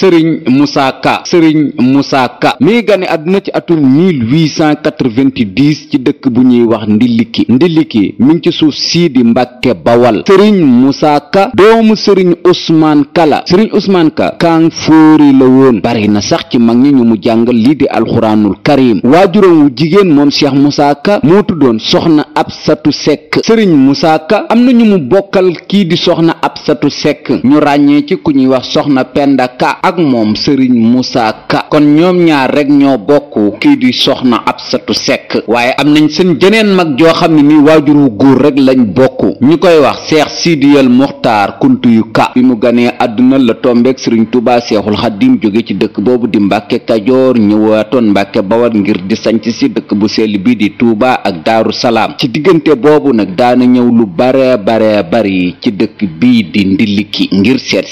sëriñ Moussa Ka sëriñ Moussa Ka mi àdduna ci atum 1890 ci dëkk bu ñuy wax Ndiliki Ndiliki mi ngi ci suuf sii di Mbàkke Bawal sëriñ Moussa Ka doomu sëriñ Ousmane Ka la sëriñ Ka kaang fóori la woon bari na sax ci mag ñi ñu mu jàngal lii di alxuraanul karim waajuram wu jigéen moom Cheikh Moussa Ka moo tuddoon soxna ab Absatu Sekk sëriñ Moussa am na ñu mu bokkal kii di soxna satu Sekk ñu ràññee ci ku ñuy wax soxna Penda Ka ak moom sëriñ Moussa Ka kon ñoom ñaar rek ñoo bokk kii di soxna satu Sekk waaye am nañ seen jeneen mag joo xam ne nii waajur wu góor rek lañ bokk ñu koy wax seex siidiyal muxtaar kuntuyu ka bi mu ganee àdduna la tombeek sëriñ Tuubaa seexul xaddim jóge ci dëkk boobu di mbàkke kajoor ñëwaatoon mbàkke bawar ngir di sanc si dëkk bu sell bi di Tuubaa ak daaru salaam ci diggante boobu nag daana ñëw lu bare bare bari ci dëkk bii di ndilliki ngir seet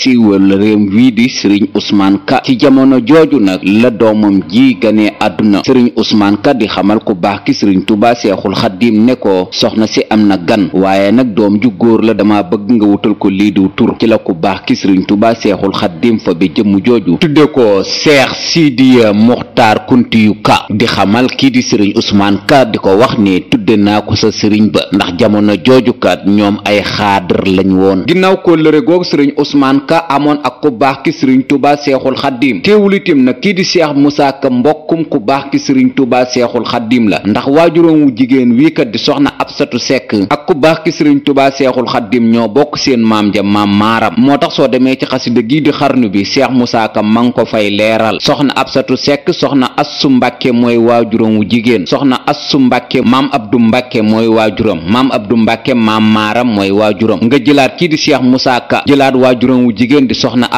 Ousmane Ka ci jamono jooju nag la doomam ji gane àdduna sëriñ Ousmane Ka di xamal ko baax ki sëriñ Tuubaa Seexul Xaddiim ne ko soxna si am na gan waaye nag doom ju góor la dama bëgg nga wutal ko lii diw tur ci la ku baax ki sëriñ Tuubaa Seexul Xaddiim fa bi jëmm jooju tudde ko Seex Sidi Muxtaar Kuntiyu Ka di xamal kii di sëriñ Ousmane Ka di ko wax ne tudde naa ko sa sëriñ ba ndax jamono joojukat ñoom ay xaadar lañ woon ginnaaw ko lëre googu sëriñ Ousmane amoon ak ku baax seexul xaddiim teewul itam nag kii di seex musaa ka mbokkum ku baax ki sëriñ tuubaa seexul xaddiim la ndax waajuroom wu jigéen wii kat di soxna satu sekk ak ku baax ki sëriñ tuubaa seexul xaddiim ñoo bokk seen maam ja maam maaram moo tax soo demee ci xasida gii di xarnu bi seex musaa ka man ko fay leeral soxna absatu sekk soxna assu mbàkke mooy waajuroom wu jigéen soxna assu mbàkke maam du mbàkke mooy waajuram maam du mbàkke maam maaram mooy waajuram nga jëlaat kii di seex musaa ka di soxna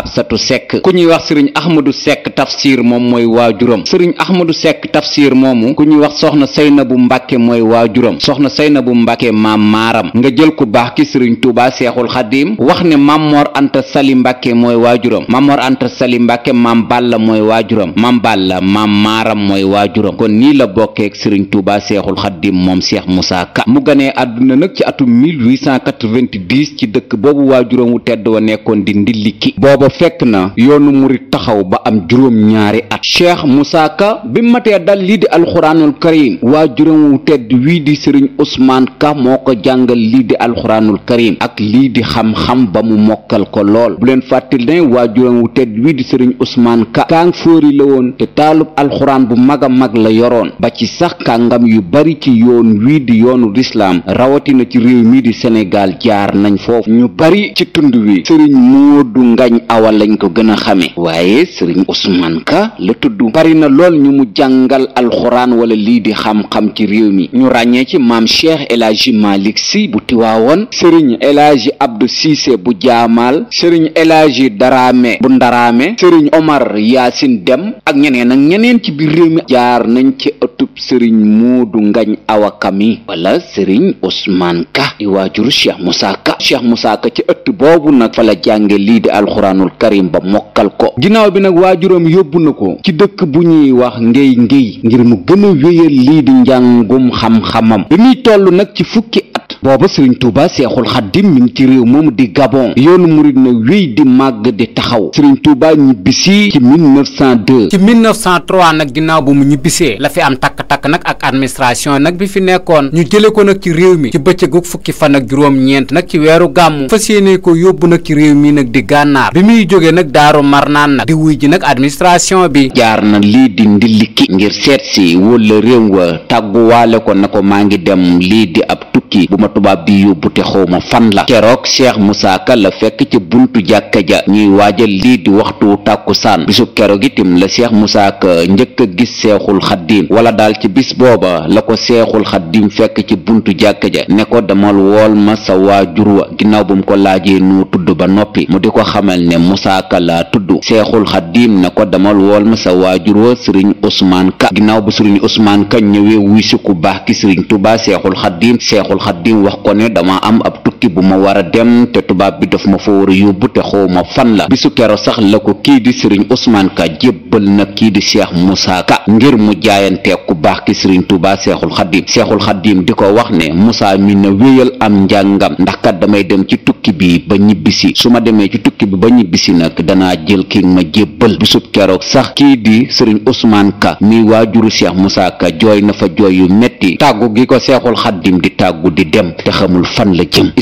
wax sëriñ Ahmadou Seck Tafsir moom mooy waajuram sëriñ Ahmadou Seck Tafsir moomu ku ñuy wax soxna Seynabu Mbàkke mooy waajuram soxna Seynabu Mbàkke maam maaram nga jël ku baax ki sëriñ Tuubaa Seexul Xadiim wax ne Maam Mor Anta Sali Mbàkke mooy waajuram Maam Mor Anta Sali Mbàkke maam Balla mooy waajuram maam Balla maam maaram mooy waajuram kon nii la bokkeek sëriñ Tuubaa Seexul Xadiim moom Seex Musaa Ka mu ganee àdduna nag ci atum 1890 ci dëkk boobu waajuram wu tedd wa nekkoon di ndilliki booba fekk na yoonu murit taxaw ba am juróom-ñaari at cheikh Moussa Ka bi matee dal lii di alxuraanul waa waajuram wu tedd wii di sëriñ Ousmane Ka moo ko jàngal lii di alxuraanul karim ak lii di xam-xam ba mu mokkal ko lool bu leen fàttali waa waajuram wu tedd wii di sëriñ Ousmane Ka kaang fóori la woon te taalub alxuraan bu mag a mag la yoroon ba ci sax kàngam yu bari ci yoon wii di yoonu lislaam rawatina ci réew mii di Sénégal jaar nañ foofu ñu bari ci tund wi sëriñ Moodu Ngañ Awa lañ ko gën waaye sëriñ Ousmane Ka la tudd bari na lool ñu mu jàngal alxuraan wala lii di xam-xam ci réew mi ñu ràññee ci maam Cheikh El Hadji si Sy bu Tiwaawoon sëriñ El Hadji Abdou Cissé bu jaamal sëriñ El Hadji Daraame bu Ndaraame sëriñ Omar Yaasin Dem ak ñeneen ak ñeneen ci biir réew mi jaar nañ ci ëttub sëriñ Moodu Ngañ awakami Kami wala sëriñ Ousmane Ka di waajuru Cheikh Moussa Ka Cheikh Moussa Ka ci ëtt boobu nag fa la jànge lii di alxuraanul karim ba mokkal ko ginnaaw bi nag waajuram yóbbu na ko ci dëkk bu ñuy wax ngéy ngéy ngir mu gën a wéyal lii di njàngum xam-xamam bi muy toll nag ci fukki booba sëriñ tuuba seexul xaddim mi ngi ci réew moom di gabon yoonu murit na wéy di màgg di taxaw sëriñ tuuba ñibbisi ci 1902 ci 1903 nag ginnaaw bu mu ñibbisee la fi am takk-takk nag ak administration nag bi fi nekkoon ñu jële ko nag ci réew mi ci bëccëgu fukki fan ak juróom-ñeent nag ci weeru gàmmu fas yéene ko yóbbu nag ci réew mii nag di gànnaar bi muy jógee nag daaru marnaan nag di wuy ji nag administration bi jaar na lii di ndilliki ngir seet si wala réew wa tàgguwaale na ko maa ngi dem lii di ab tukki bu ma tubaab bi yóbbu te xaw ma fan la keroog cheikh Moussa Ka la fekk ci buntu jàkka ja ñuy waajal lii di waxtu tàkkusaan bisub keroog itim la cheikh Moussa Ka njëkk a gis seexul xaddiim wala daal ci bis booba la ko seexul xaddiim fekk ci buntu jàkka ja ne ko damal wool ma sa waajur wa ginnaaw bu mu ko laajee noo tudd ba noppi mu di ko xamal ne Moussa la tudd seexul xaddiim na ko demal wool ma sa waajur wa sëriñ Ousmane Ka ginnaaw ba sëriñ Ousmane Ka ñëwee wuy si ku baax ki sëriñ Tuubaa seexul xaddiim seexul xaddiim wax ko ne dama am ab tukki bu ma war a dem te tubaab bi daf ma fa war a yóbbu te xaw ma fan la bisu kero sax la ko kii di sëriñ Ousmane Ka jébbal na kii di Cheikh Moussa Ka ngir mu jaayantee ku baax ki sëriñ Touba Seexul Xadim Seexul Xadim di ko wax ne Moussa mi na wéyal am njàngam ndax kat damay dem ci tukki bi ba ñibbisi su ma demee ci tukki bi ba ñibbisi nag danaa jël ki ma jébbal bisub keroog sax kii di sëriñ Ousmane Ka mi waajuru Cheikh Moussa Ka jooy na fa jooy yu metti tàggu gi ko Seexul Xadim di tàggu di dem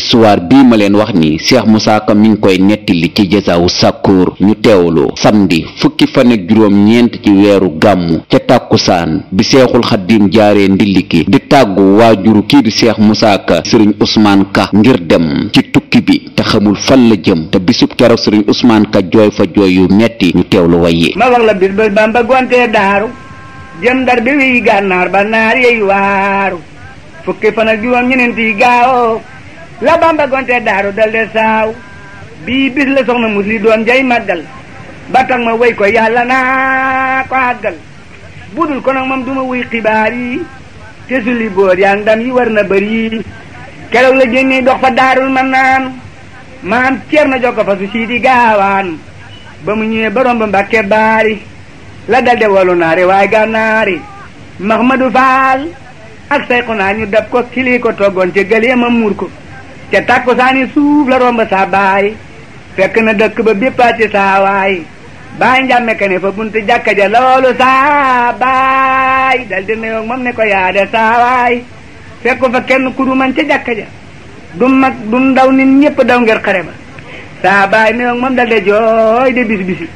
histoire bii ma leen wax ni Cheikh Moussa Ka mi ngi koy nettali ci jasaawu sàkkoor ñu teewloo samedi fukki fan ak juróom-ñeent ci weeru gàmmu ca tàkkusaan bi seexul xaddim jaaree ndilliki di tàggu waajuru kii di Cheikh Moussa Ka sëriñ Ousmane Ka ngir dem ci tukki bi te xamul fan la jëm te bisub keroog sëriñ Ousmane Ka jooy fa jooy yu metti ñu teewlu waye ma wax la bis ba Bamba gontee daaru jëm dar bi wiy gànnaar ba naar yey waaru fukki fan ak juróom ñeneenti la bamba gonte daaru dalde saaw bii bis la soxna mus li doon jay màggal ba tax ma wéy ko yàlla naa ko àggal budul ko nag moom du ma wuy xibaar yi suli boor yaa yi war na bëri keroog la jénnee dox fa daarul man naan maam ceer na jokko fa su sii di gaawaan ba mu ñëwee borom ba mbàkke baari la dalde wolu naari waaye gànnaari Mahmadou Fall ak sayqu naa ñu dab ko kili ko toggoon ca gëlee ma muur ko ce te takkusaani suuf la romb sa baay fekk na dëkk ba béppaati saawaay baay njàmme ka ne fa buntu jàkka ja loolu saa baay dal di moom ne ko yaade saawaay fekku fa kenn ku du man ca jàkka ja mag du ndaw ni ñëpp daw ngir xare ba saa baay nuyoog moom dal jooy de bis bisi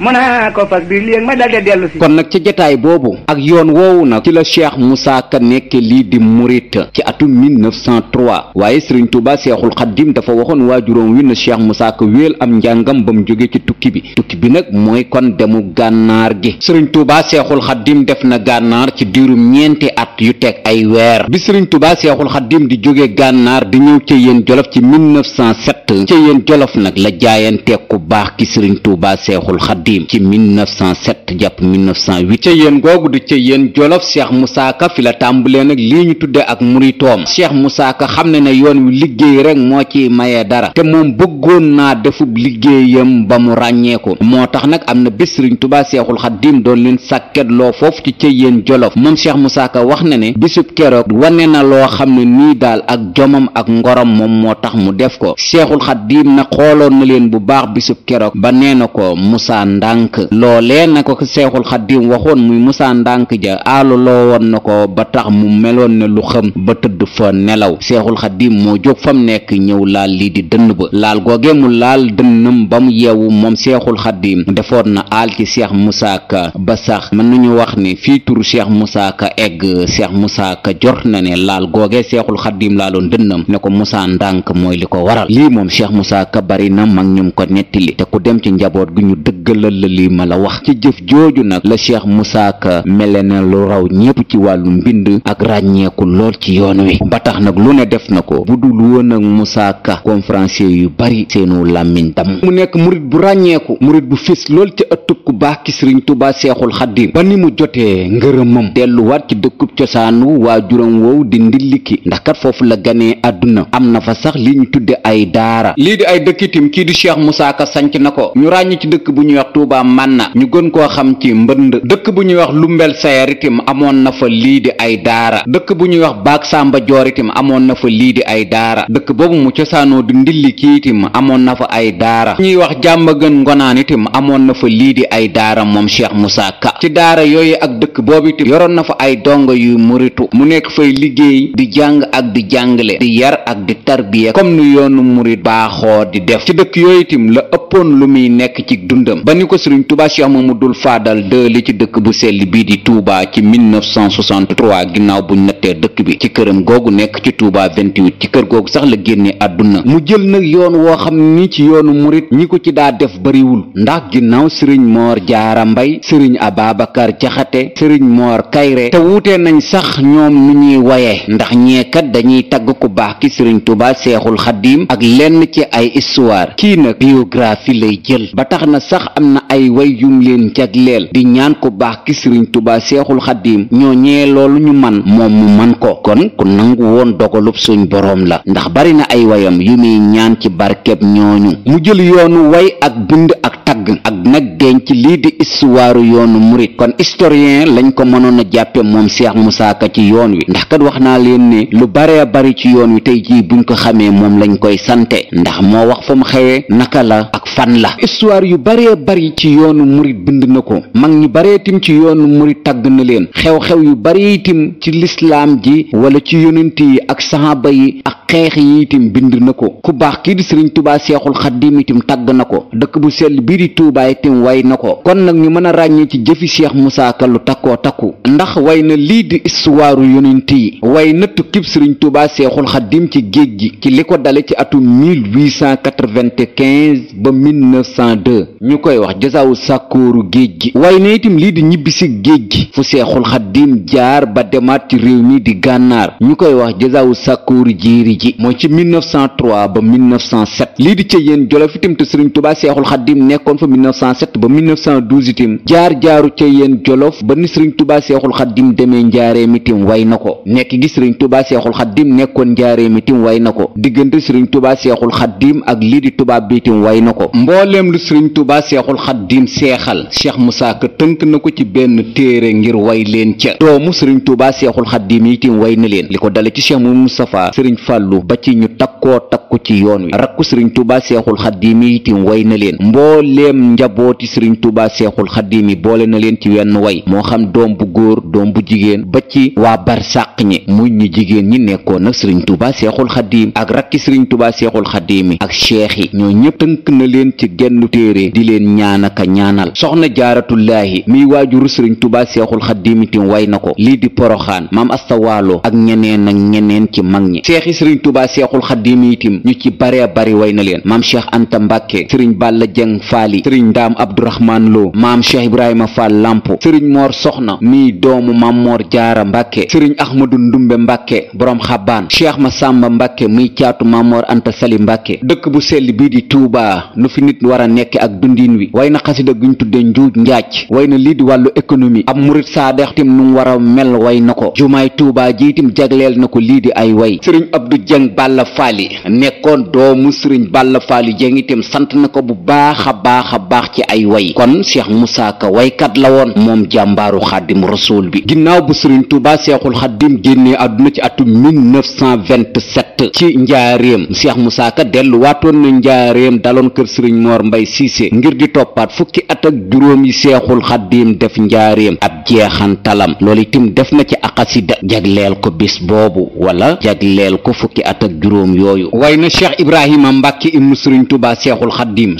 mën naa ko bi léegi ma dal de dellu kon nag ca jataay boobu ak yoon woowu na ci la cheikh musaaka Ka nekk lii di murit ci atum 1903 waaye Serigne Touba Seexul Xaddim dafa waxoon waajuróom wi na cheikh Moussa Ka am njàngam ba mu jóge ci tukki bi tukki bi nag mooy kon demu gànnaar gi Serigne Touba Seexul Xaddim def na gànnaar ci diirum ñeenti at yu teg ay weer bi Serigne Touba Seexul Xaddim di jóge gànnaar di ñëw ci yéen jolof ci 1907 ci yéen jolof nag la jaayante ku baax ki Serigne Touba Seexul Xaddim xaddiim ci 1907 jàpp 1908 ca yéen googu di ca yéen jolof cheikh Moussa Ka fi la tàmbalee nag lii ñu tuddee ak muritoom cheikh Moussa Ka xam ne ne yoon wi liggéey rek moo ci mayee dara te moom bëggoon naa defub liggéeyam ba mu ràññeeku moo tax nag am na bis Sëriñ Tuubaa seexul xaddiim doon leen sàkketloo foofu ci ca yéen jolof moom cheikh Moussa Ka wax na ne bisub keroog wane na loo xam ne nii daal ak jomam ak ngorom moom moo tax mu def ko seexul xaddiim na xooloon na leen bu baax bisub ko ndànk loolee na ko seexul xaddiim waxoon muy musaa ndànk ja aalu loo woon na ko ba tax mu meloon ne lu xam ba tëdd fa nelaw seexul xaddiim moo jóg fam nekk ñëw laal lii di dënn ba laal googe mu laal dënnam ba mu yeewu moom seexul xaddiim defoon na aal ci seex musaa ka ba sax mën nañu wax ni fii turu seex musaa ka egg seex musaa ka jot na ne laal googe seexul xaddiim laaloon dënnam ne ko musaa ndànk mooy li ko waral lii moom seex musaa ka bari na mag ñum ko nettali te njaboot gi ñu xoolal la lii ma la wax ci jëf jooju nag la cheikh Moussa Ka mele ne lu raw ñépp ci wàllu mbind ak ràññeeku lool ci yoon wi ba tax nag lu ne def na ko bu dul woon ak Moussa Ka conférencier yu bari seenu làmmiñ dam mu nekk murit bu ràññeeku murit bu fis lool ci ëttub ku baax ki sëriñ Tuubaa seexul xaddim ba ni mu jotee ngërëmam delluwaat ci dëkku cosaanu waa juróom woow di ndilliki ndax kat foofu la ganee àdduna am na fa sax li ñu tudde ay daara lii di ay dëkkitim kii di cheikh Moussa Ka sanc Touba Manna ñu gën koo xam ci mbënd dëkk bu ñuy wax Lumbel Sayar itam amoon na fa lii di ay daara dëkk bu ñuy wax Baak Samba Joor amoon na fa lii di ay daara dëkk boobu mu cosaanoo di ndilli kii itam amoon na fa ay daara ñuy wax jàmba ngonaan itam amoon na fa lii di ay daara moom Cheikh Moussa Ka ci daara yooyu ak dëkk boobu itam yoroon na fa ay dongo yu muritu mu nekk fay liggéey di jàng ak di jàngale di yar ak di tarbiya comme nu yoonu murit baaxoo di def ci dëkk yooyu itam la ëppoon lu muy nekk ci dundam ba ni ni ko sëriñ Touba Cheikh Mamadou Fadal ci li ci dëkk bu sell bii di Touba ci 1963 ginnaaw buñ nattee dëkk bi ci këram googu nekk ci Touba 28 ci kër googu sax la génne àdduna mu jël nag yoon woo xam ni ci yoonu murit ñi ko ci daa def bariwul ndax ginnaaw sëriñ Moor Jaara Mbay sëriñ Ababakar Jaxate sëriñ Moor Kayre te wuute nañ sax ñoom nu ñuy waye ndax ñeekat dañuy tagg ku baax ki sëriñ Touba Seexul Xadiim ak lenn ci ay histoire kii nag biographie lay jël ba tax na sax am na ay way yum leen jagleel di ñaan ko baax ki sëriñ tubaa seexul xaddiim ñoo ñee loolu ñu man moom mu man ko kon ku nangu woon dogalub suñ boroom la ndax bari na ay wayam yu muy ñaan ci barkeb ñooñu mu jël yoonu way yàgg ak nag denc lii di istuwaaru yoon murit kon historien lañ ko mënoon a jàppe moom Cheikh Moussa Ka ci yoon wi ndax kat wax naa leen ne lu baree bari ci yoon wi tey jii buñ ko xamee moom lañ koy sante ndax moo wax fa mu xewee naka la ak fan la histoire yu baree bari ci yoonu murit bind na ko mag ñu baree tim ci yoonu murit tàgg na leen xew-xew yu baree itim ci lislaam ji wala ci yonent yi ak saxaaba yi ak xeex yi itim bind na ko ku baax kii di Sëriñ Tubaa Seexul Xadiim itim tàgg na ko tuubaay tim way na ko kon nag ñu mën a ràññee ci jëfi Cheikh Moussa Ka lu takkoo takku ndax way na lii di istuwaaru yonent yi way na tukkib Sëriñ Tuubaa Seexul Xaddim ci géej gi ci li ko dale ci atum 1895 ba 1902 ñu koy wax jasaawu sàkkooru géej gi way na itam lii di ñibbisi géej gi fu Seexul Xaddim jaar ba demaat ci réew mii di gànnaar ñu koy wax jasaawu sàkkooru jéeri ji mooy ci ba lii di ci yéen jolof itam te Sëriñ Tuubaa Seexul Xaddim nekkoon fa 1907 ba 1912 itim jaar jaaru ca yéen jolof ba ni sëriñ tubaa seexul xaddim demee njaaree mitim way na ko nekk gi sëriñ tubaa seexul xaddim nekkoon njaaree mitim way na ko diggante sëriñ tubaa seexul xaddim ak lii di tubaab bi itim way na ko mbooleem lu sëriñ tubaa seexul xaddim seexal cheikh moussa ka tënk na ko ci benn téere ngir way leen ca doomu sëriñ tubaa seexul xaddim itim way na leen li ko dale ci cheikh mu moustapha sëriñ fàllu ba ci ñu takkoo takku ci yoon wi mboolem njabooti sëriñ tuuba seexul xaddiim yi boole na leen ci wenn way moo xam doom bu góor doom bu jigéen ba ci waa barsàq ñi mu ñu jigéen ñi nekkoon nag sëriñ tuuba seexul xaddiim ak rakki sëriñ tuuba seexul xaddiim yi ak cheikh yi ñoo ñëpp tënk na leen ci gennu téere di leen ñaanaka ñaanal soxna jaaratullaahi miy waajuru sëriñ tuuba seexul xaddiim itam way na ko lii di poroxaan maam astawaalo ak ñeneen ak ñeneen ci mag ñi seexi sëriñ tuuba seexul xaddiim ci bare bari way na leen maam cheikh sëriñ ndaam abdourahmaan lo maam cheikh ibrahima fall lamp sëriñ moor soxna mii doomu mammoor jaara mbàkke sëriñ ahmadu ndumbe mbàkke boroom xabaan cheikh ma sàmba mbàkke muy caatu mammoor anta sali mbàkke dëkk bu sell bii di tuubaa nu fi nit war a nekk ak dundiin wi way na xasida guñ tudde njuuj njaaj way na lii di wàllu économie ab murit saadeex tim nu mu war mel way na ko jumaay tuubaa jiitim jagleel na ko lii di ay way sëriñ abdu jëng bàlla faali nekkoon doomu baax a baax ci ay way kon cheikh Moussa Ka waykat la woon moom jàmbaaru xaadim rasul bi ginnaaw bu sëriñ Tuuba seexul xaadim génnee àdduna ci atum 1927 ci njaareem cheikh Moussa Ka delluwaatoon na njaareem daloon kër sëriñ Mor Mbay Siise ngir di toppaat fukki at ak juróom yi seexul xaadim def njaareem ab jeexantalam lool itam def na ci aqasida jagleel ko bis boobu wala jagleel ko fukki at ak juróom yooyu way na cheikh Ibrahima Mbàkke ibnu sëriñ Tuuba seexul xaadim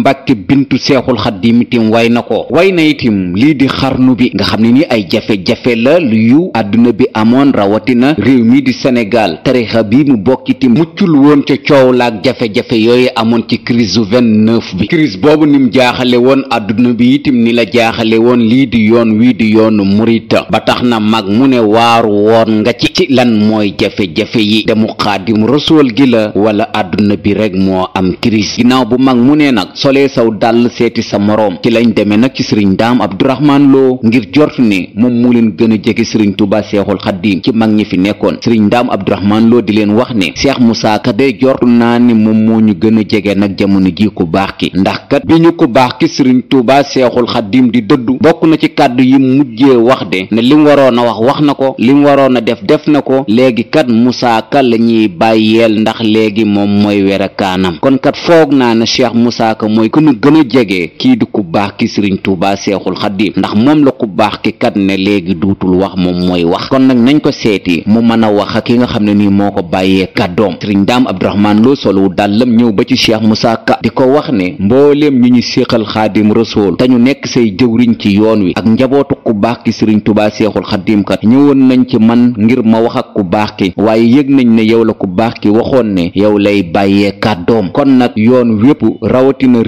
mbàkke bintu seexul xaddim itim way na ko way na itim lii di xarnu bi nga xam ne ni ay jafe-jafe la lu yu àdduna bi amoon rawatina réew mi di Sénégal tarixa bi mu bokk itim muccul woon ca coow laak jafe-jafe yooyu amoon ci crise su 29 bi crise boobu ni mu jaaxale woon àdduna bi itim ni la jaaxale woon lii di yoon wii di yoonu murita ba tax na mag mu ne waaru woon nga ci ci lan mooy jafe-jafe yi demu xaadim rasool gi la wala àdduna bi rek solee saw dàll seeti sa moroom ci lañ demee nag ci sëriñ daam abduraxmaan loo ngir jort ne moom mu leen gën a jege sëriñ tuuba seexul xaddiim ci mag ñi fi nekkoon sëriñ daam abduraxmaan loo di leen wax ne seex musaa ka day jort naa ne moom moo ñu gën a jege nag jamono ji ku baax ki ndax kat bi ñu ku baax ki sëriñ tuuba seexul xaddiim di dëddu bokk na ci kàddu yi mujjee wax de ne lim waroon a wax wax na ko lim waroon a def def na ko léegi kat musaa ka la ñuy bàyyeel ndax léegi moom mooy werekaanam kon mooy ku nu gën jege kii di ku baax ki sëriñ Tuubaa Seexul Xadiim ndax moom la ku baax ki kat ne léegi duutul wax moom mooy wax kon nag nañ ko seeti mu mën a wax ak ki nga xam ne nii moo ko bàyyee kàddoom sëriñ Daam loo Lo solowu dàllam ñëw ba ci Cheikh Moussa Ka di ko wax ne mbooleem ñu ñu séqal Xaadim Rasuul te ñu nekk say jëwriñ ci yoon wi ak njabootu ku baax ki sëriñ Tuubaa Seexul Xadiim kat ñëwoon nañ ci man ngir ma wax ak ku baax ki waaye yëg nañ ne yow la ku baax ki waxoon ne yow lay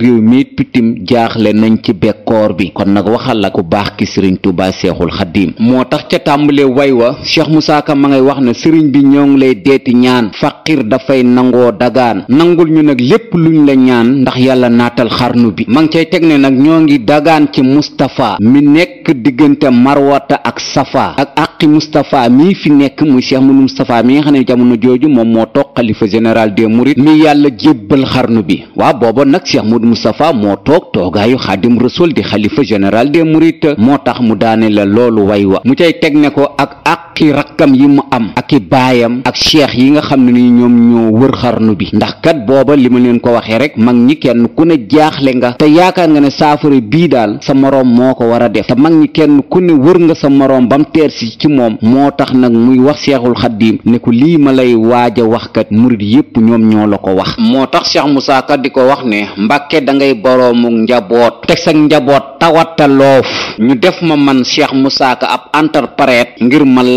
réew mi pitim jaaxle nañ ci bekkoor bi kon nag waxal la ku baax ki sëriñ Tuubaa Seexul Xadiim moo tax ca tàmbale way wa Cheikh Moussa Ka ma ngay wax ne sëriñ bi ñoo ngi lay deeti ñaan faqir dafay nangoo dagaan nangul ñu nag lépp ñu la ñaan ndax yàlla naatal xarnu bi ma ngi cay teg ne nag ñoo ngi dagaan ci mustapha mi nekk diggante marwata ak safa ak aqi mustapha mii fi nekk muy cheikh munu mustapha mi nga xam ne jamono jooju moom moo toog xalifa général des mourides mi yàlla jébbal xarnu bi waaw booba nag cheikh munu mustapha moo toog toogaayu xaadim rasul di xalifa général des murit moo tax mu daane la loolu way wa mu cay teg ne ko ak ak i rakkam yi mu am ak i baayam ak cheikh yi nga xam ne ni ñoom ñoo wër xarnu bi ndax kat booba li ma leen ko waxee rek mag ñi kenn ku ne jaaxle nga te yaakaar nga ne saafara bii daal sa moroom moo ko war a def te mag ñi kenn ku ne wër nga sa moroom bam teer si ci moom moo tax nag muy wax seexul xaddiim ne ko lii ma lay waaj a wax kat murit yépp ñoom ñoo la ko wax moo tax Cheikh Moussa Ka di ko wax ne mbàkke dangay boroomu njaboot teg sa njaboot tawataloof ñu def man Cheikh Moussa Ka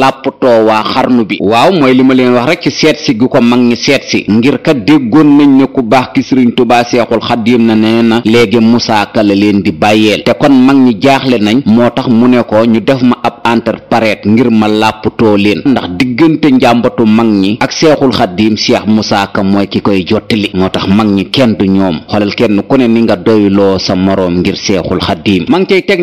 làppatoo waa xarnu bi waaw mooy li ma leen wax rek ci seet si gu ko mag ñi seet ngir kat déggoon nañ ne ku baax ki sëriñ tubaa seexul xaddiim na nee na léegi Musaa Ka la leen di bàyyeel te kon mag ñi jaaxle nañ moo tax mu ne ko ñu def ma ab entre paret ngir ma làppatoo leen ndax diggante njàmbatu mag ñi ak seexul xaddiim seex Musaa Ka mooy ki koy jottali moo tax mag ñi kenn du ñoom xoolal kenn ku ne ni nga doyloo sa moroom ngir seexul xaddiim ma cay teg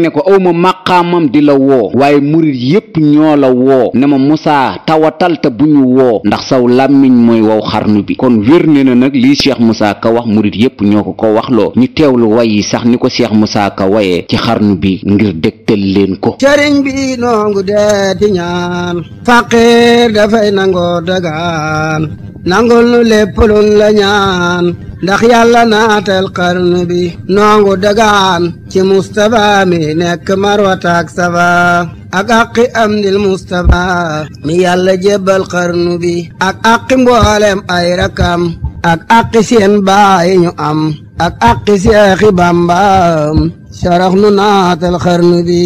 ne ma Moussa tawatal te bu ñu woo ndax saw làmmiñ mooy waw xarnu bi kon wér ne na nag lii Cheikh Moussa Ka wax murit yépp ñoo ko ko waxloo ñu teewlu way yi sax ni ko Cheikh Moussa Ka waye ci xarnu bi ngir dégtal leen ko sëriñ bi noongu deeti ñaan faqir dafay nangoo dagaan nangul nu lépp la ñaan ndax yàlla naatal xarnu bi noongu dagaan ci Moustapha nekk marwataak safa ak àqi am dil Mustapha mi yàlla jébbal xarnu bi ak àqi mboolem ay rakam ak àqi seen baay ñu am ak àqi seexi bàmbaam sarax nu naatal xarnu bi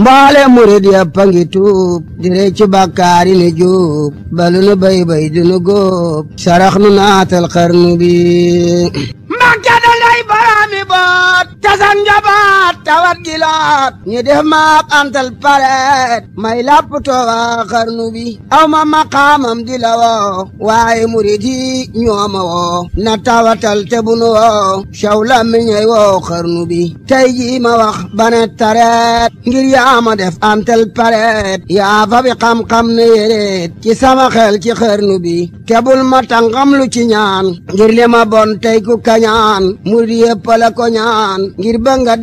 mboolem murid yëpp ngi tuub dire ci bàkkaar ni juub balu nu bay bay du sarax nu naatal xarnu bi mbàkke da baraami boot tasan njabaat tawat gi laat ñu def maak antal pareet may làpp tooga xarnu bi ma maqaamam di woo waaye murid yi ñoo woo na tawatal te woo caw lammiñey woo xarnu bi tey jii wax bane tareet ngir yaa def antal pareet yaa fa bi xam-xam ne ci sama xel ci xarnu bi ma tàngam lu ci ñaan ngir bon tey ku kañaan murid yëpp la ko ñaan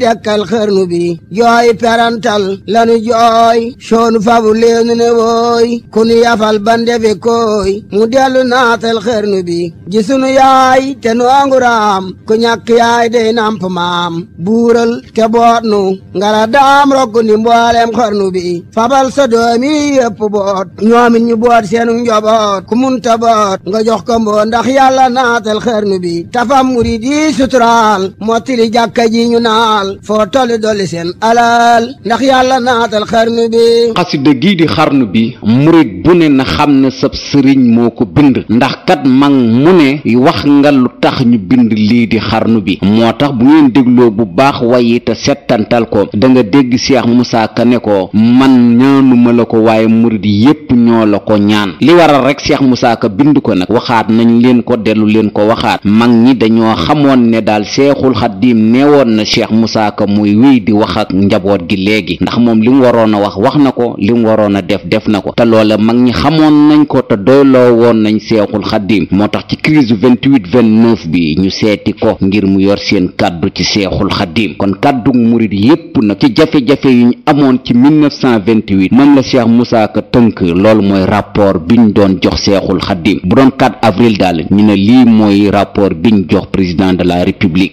dekkal xarnu bi jooy perantal lanu jooy soon fabu leenu ne wooy ku nu yafal bandefe kooy mu dellu naatal xarnu bi ji yaay te nu anguraam ku ñàkk yaay dey namp maam buural te boot nu ngara daam rokku ni mboolem xarnu bi fabal sa doomi yëpp boot ñoomin ñu boot seenu njoboot ku mun ta boot nga jox ko mboo ndax yàlla naatal xarnu bi tafam murid yi suturaal mottili jàkka ji ñu naal foo tolli dolli seen alal ndax yàlla naatal xarnu bi xasida gii di xarnu bi murit bu ne na xam ne sab sëriñ moo ko bind ndax kat mag mu ne wax nga lu tax ñu bind lii di xarnu bi moo tax bu ngeen dégloo bu baax wayi te settantal ko da nga dégg Seex Musaa Ka ne ko man ñaanuma la ko waaye murit yépp ñoo la ko ñaan li waral rek Seex Musaa Ka bind ko nag waxaat nañ leen ko dellu leen ko waxaat mag ñi dañoo xamoon ne daal Seexul Xadiim neewoon na Seex Musaa Ka muy muy wéy di wax ak njaboot gi léegi ndax moom li mu waroon a wax wax na ko li mu waroon a def def na ko te loola mag ñi xamoon nañ ko te doyloo woon nañ seexul xaddim moo tax ci crise 28 29 bi ñu seeti ko ngir mu yor seen kàddu ci seexul xaddim kon kàddu murit yépp nag ci jafe-jafe yu ñu amoon ci 1928 moom la Cheikh Moussa Ka tënk loolu mooy bi ñu doon jox seexul xaddim bu doon 4 avril daal ñu ne lii mooy bi ñu jox président de la république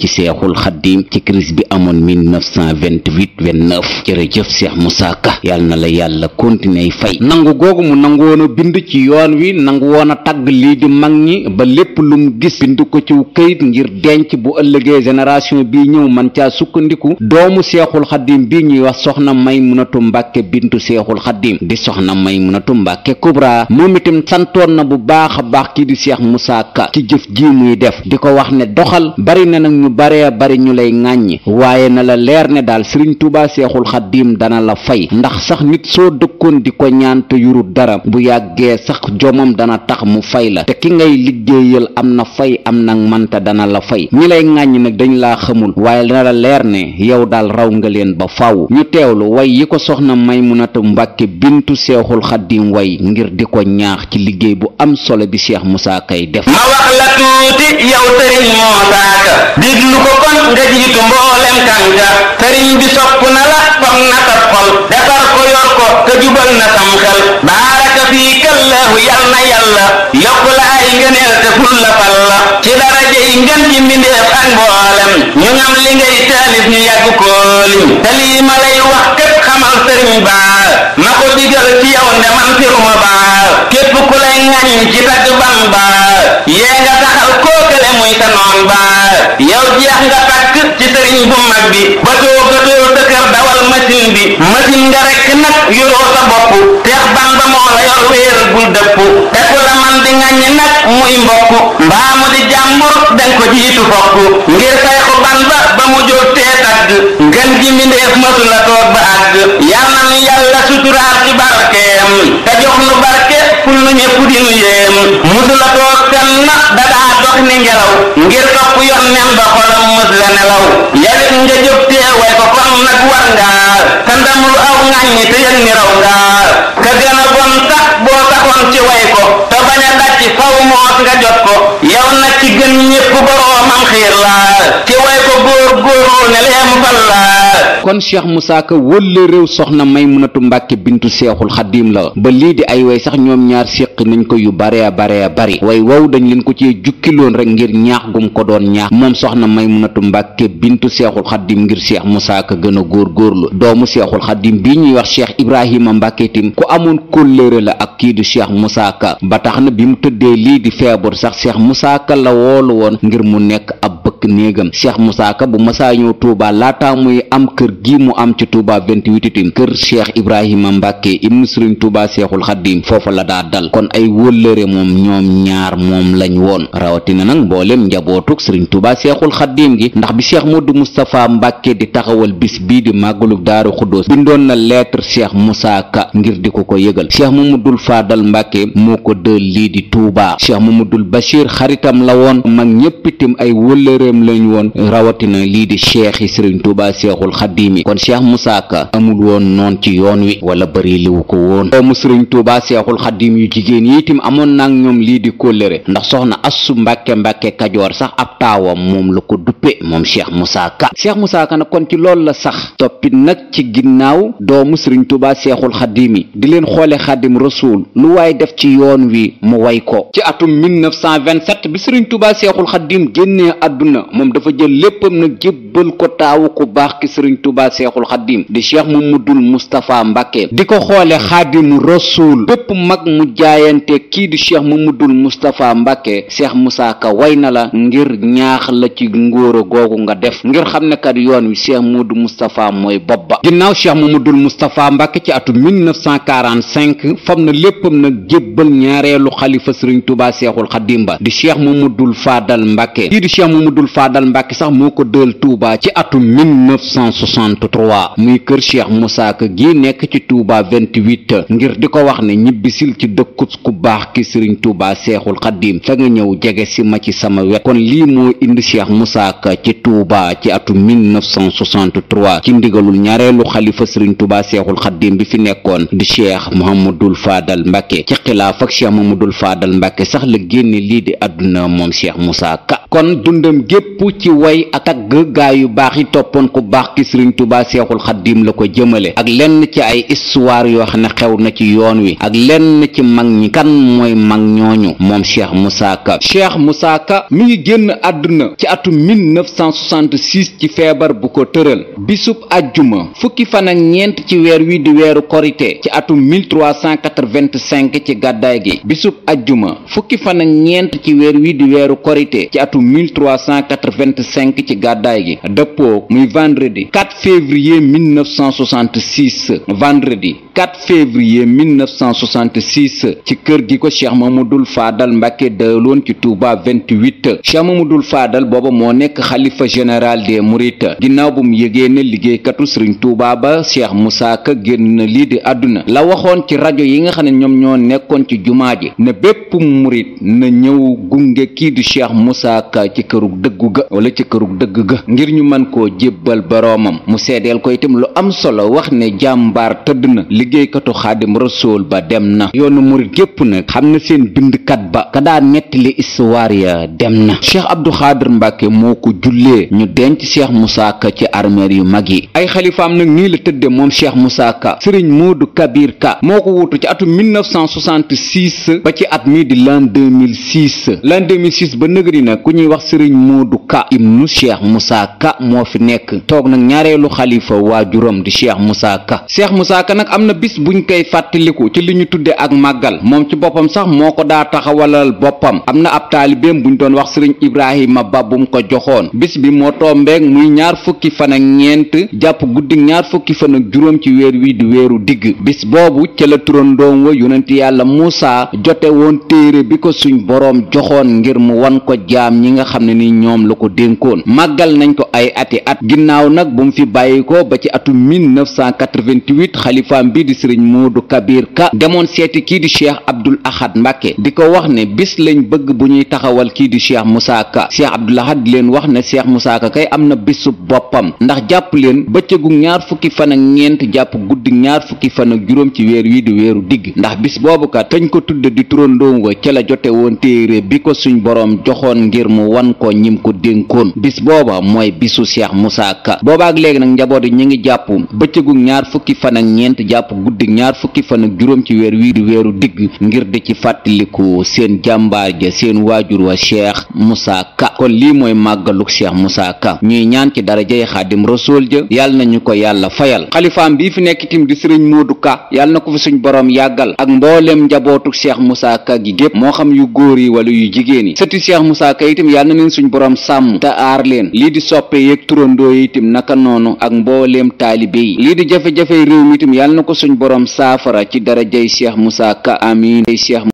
ci seexul xaddiim ci crise bi amoon 1928 29 jërëjëf Cheikh Moussa Ka yàlla na la yàlla continuer fay nangu googu mu nangu woon bind ci yoon wi nangu woon tàgg lii di mag ñi ba lépp lu mu gis bind ko ci këyit ngir denc bu ëllëgee génération bii ñëw man caa sukkandiku doomu seexul xaddiim bii ñuy wax soxna may Maymunatu Mbàkke bintu seexul xaddiim di soxna may munatu Mbàkke Kubra moom itam santoon na bu baax a baax kii di Cheikh Moussa Ka ci jëf ji muy def di ko wax baree bari ñu lay ŋàññi waaye na la leer ne daal sëriñ tuuba seexul xaddiim dana la fay ndax sax nit soo dëkkoon di ko ñaan te yurut dara bu yàggee sax jomam dana tax mu fay la te ki ngay liggéeyal am na fay am na manta dana la fay ñi lay ŋàññi nag dañ laa xamul waaye dana la leer ne yow daal raw nga leen ba faw ñu teewlu way yi ko soxna may Maymunatu Mbàkke bintu seexul xaddiim way ngir di ko ñaax ci liggéey bu am solo bi Seex musa koy def diglu ko kon nga jiitu mboolem kànga sëriñ bi sopp na la fam na sab xol defar ko yor ko te jubal na sam xel baaraka fii kallahu yal na yàlla yokk la ay ngëneel te ful la fal la ci daraja yi ngën ci mbindeef ak mboolem ñu ngam li ngay taalif ñu yàgg kooliñ te lii ma lay wax képp xamal ma ko digal ci yow nde man firuma baa ñañ ci tagg Bamba yee nga taxal kookale muy sa noon ba yow jeex nga takk ci sëriñ bu mag bi ba too ka too dawal machine bi machine nga rekk nag yoroo sa bopp teex Bamba moo la yor wéer bul dëpp te ku la man di ŋaññi nag muy mbokk mbaa mu di jàmbur dañ ko jiitu fokk ngir say ko Bamba ba mu jóg tee tagg ngën gi mbindeef mësu la toog ba àgg yal na nu yàlla ci barkeem te jox nu barke nekkul lu ñëpp di nu yéem musula toog fenn dadaa dox ni ngelaw ngir topp yoon nen ba xolam mus la nelaw yawit nga jóg tee way ko kon nag war ngaa te ndam lu aw ŋàññi te yëg ni raw ngaa ka gën a bon sax boo saxoon ci way ko te bañ a dàcc faw moos nga jot ko yow nag ci gën ñëpp baroo am xiir la ci way ko góor góorlu ne leem fal la kon cheikh Moussa Ka wëlle réew soxna Mbàkke bintu seexul xadim la ba lii di ay way sax ñoom ñaar séq nañ ko yu bare bare bari waaye wow dañ leen ko ci jukkiloon rek ngir ñaax gum ko doon ñaax moom soxna may Maymunatu Mbàkke bintu seexul xadim ngir cheikh Moussa gën a góor góorlu doomu seexul xadim bi ñuy wax cheikh Ibrahima Mbàkke tim ku amoon kóllëre la ak kii di cheikh Moussa ba tax na bi mu tëddee lii di sax cheikh Moussa Ka nekk ab bëkk néegam cheikh Moussa Ka bu masaa ñëw Touba laataa muy am kër gi mu am ci Touba 28 itim kër cheikh Ibrahima Mbacke ibnu Serigne Touba Cheikhul Khadim foofa la daa dal kon ay wóllëre moom ñoom ñaar moom lañ woon rawatina nag mboolem njabootug Serigne Touba seexul Khadim gi ndax bi cheikh Modou Moustapha Mbacke di taxawal bis bii di màggalug Daaru Xuddoos bindoon na lettre cheikh Moussa ngir di ko ko yëgal cheikh Mamadul Fadal Mbacke moo ko dël lii di Touba cheikh ay wëllëreem lañ woon rawatina lii di cheikh yi sëriñ tuuba seexul xaddiim yi kon cheikh Moussa Ka amul woon noon ci yoon wi wala bëri liwu ko woon doomu sëriñ tuuba seexul xaddiim yu jigéen yi itam amoon nag ñoom lii di kóllëre ndax soxna assu mbàkke mbàkke kajoor sax ak taawam moom la ko duppe moom cheikh Moussa Ka cheikh Moussa Ka nag kon ci loolu la sax toppit nag ci ginnaaw doomu sëriñ tuuba seexul xaddiim yi di leen xoole xaddim rasuul lu waaye def ci yoon wi mu way ko ci atum 1927 bi sëriñ tuuba seexul xaddiim génn génnee àdduna moom dafa jël léppam nag jébbal ko taawu ku baax ki sëriñ tubaa seexul xaddim di cheikh mamadul mustapha mbàkke di ko xoole xaadimu rasuul bépp mag mu jaayante kii di cheikh mamadul mustapha mbàkke cheikh moussa ka way na la ngir ñaax la ci ngóora googu nga def ngir xam ne kat yoon wi cheikh mamadul mustapha mooy bopp ba ginnaaw cheikh mamadul mustapha mbàkke ci atu 1945 fam na léppam nag jébbal ñaareelu xalifa sëriñ tubaa seexul xaddim ba di cheikh mamadul faadal mbàkke kii di mu dul faadal mbàkke sax moo ko dël tuuba ci atu 1963 muy kër cheikh moussa ka gi nekk ci tuuba 28 ngir di ko wax ne ñibbisil ci dëkkut ku baax ki sëriñ tuuba seexul xaddiim fa nga ñëw jege si ma ci sama wet kon lii moo indi cheikh moussa ka ci tuuba ci atu 1963 ci ndigalul ñaareelu xalifa sëriñ tuuba seexul xaddiim bi fi nekkoon di cheikh mohamadul faadal mbàkke ci xilaaf ak mu dul faadal mbàkke sax la génne lii di àdduna moom cheikh moussa doon dundam gépp ci way ak tagg gaa yu baax yi toppoon ku baax ki sëriñ tubaa seexul xaddiim la ko jëmale ak lenn ci ay histoire yoo xam ne xew na ci yoon wi ak lenn ci mag ñi kan mooy mag ñooñu moom cheikh moussa ka cheikh moussa ka mi ngi génn àdduna ci atum 1966 ci feebar bu ko tëral bisub ajjuma fukki fan ñeent ci weer wi di weeru korite ci atum 1385 ci gàddaay gi bisub ajjuma fukki fan ñeent ci weer wi di weeru korite ci atum 1385 ci gàddaay gi dëppoo muy vendredi 4 février 1966 vendredi 4 février 1966 ci kër gi ko cheikh mamadul faadal mbàkke daloon ci Touba 28 cheikh mamadul faadal booba moo nekk xalifa général des mourides ginnaaw bu mu yëgee ne liggéeykatu sëriñ Touba ba cheikh Moussa Ka génn na lii di àdduna la waxoon ci rajo yi nga xam ne ñoom ñoo nekkoon ci jumaa ji ne bépp murit na ñëw gunge kii di cheikh ci kërug dëggu ga wala ci kërug dëgg ga ngir ñu man koo jébbal boroomam mu seedeel ko itam lu am solo wax ne jàmbaar tëdd na liggéeykatu xaadim rasool ba dem na yoonu murit gépp nag xam na seen bindkat ba ka daa nettali istuwaar ya dem na cheikh abdou xaadir mbàkke moo ko jullee ñu denc cheikh moussa ka ci armeer yu mag yi ay xalifaam nag nii la tëdde moom cheikh moussa ka moo moodu kabir ka moo ko wutu ci atu 1966 ba ci at mii di l'an 2006 ba nëgëri nag ku wax sëriñ du Ka ibnu cheikh Moussa Ka moo fi nekk toog nag ñaareelu xalifa waa waajuram di cheikh Moussa Ka cheikh Moussa Ka nag am na bis buñ koy fàttaliku ci li ñu tudde ak màggal moom ci boppam sax moo ko daa taxawalal boppam am na ab taalibeem buñ doon wax sëriñ Ibrahima Ba bu mu ko joxoon bis bi moo tombeeg muy ñaar fukki fan ak ñeent jàpp guddi ñaar fukki fan ak juróom ci weer wi di weeru digg bis boobu ca wa yonent yàlla Moussa jote woon téere xam ne ni ñoom la ko dénkoon màggal nañ ko ay ati at ginnaaw nag bu mu fi bàyyi ko ba ci atum 1988 xalifaam bii di sëriñ Modou Kabir Ka demoon seeti kii di cheikh Abdoul Ahad Mbacke di ko wax ne bis lañ bëgg bu ñuy taxawal kii di cheikh Moussa Ka cheikh Abdoul Ahad leen wax ne cheikh Moussa Ka kay am na bisub boppam ndax jàpp leen bëccëgu ñaar fukki fan ak ñeent jàpp guddi ñaar fukki fan ak juróom ci weer wi di weeru digg ndax bis boobu ka fañ ko tudd di turandoom wa ca la jote woon téere bi ko suñ boroom joxoon ngir wan ko ñim ko dénkoon bis booba mooy bisu Cheikh Moussa Ka boobaak léegi nag njaboot yi ñu ngi jàpp bëccëgu ñaar fukki fan ak ñeent jàpp guddi ñaar fukki fan ak juróom ci weer wii di weeru digg ngir di ci fàttaliku seen jàmbaar ja seen waajur wa Cheikh Moussa Ka kon lii mooy màggalu Cheikh Moussa Ka ñuy ñaan ci darajay xaadim rasool ja na ñu ko yàlla fayal xalifaam bii fi nekk tim di sëriñ Modou Ka yàlla na ko fi suñu boroom yàggal ak mbooleem njabootu Cheikh Moussa Ka gépp moo xam yu góor yi wala yu jigéen yi yàlla nañ suñ borom sàmm te aar leen lii di soppe yeeg turandoo yi itam naka noonu ak mbooleem taalibe yi lii di jafe-jafe réew mi itam yàlla na ko suñ borom saafara ci dara jay Cheikh Moussa Ka amin ay Cheikh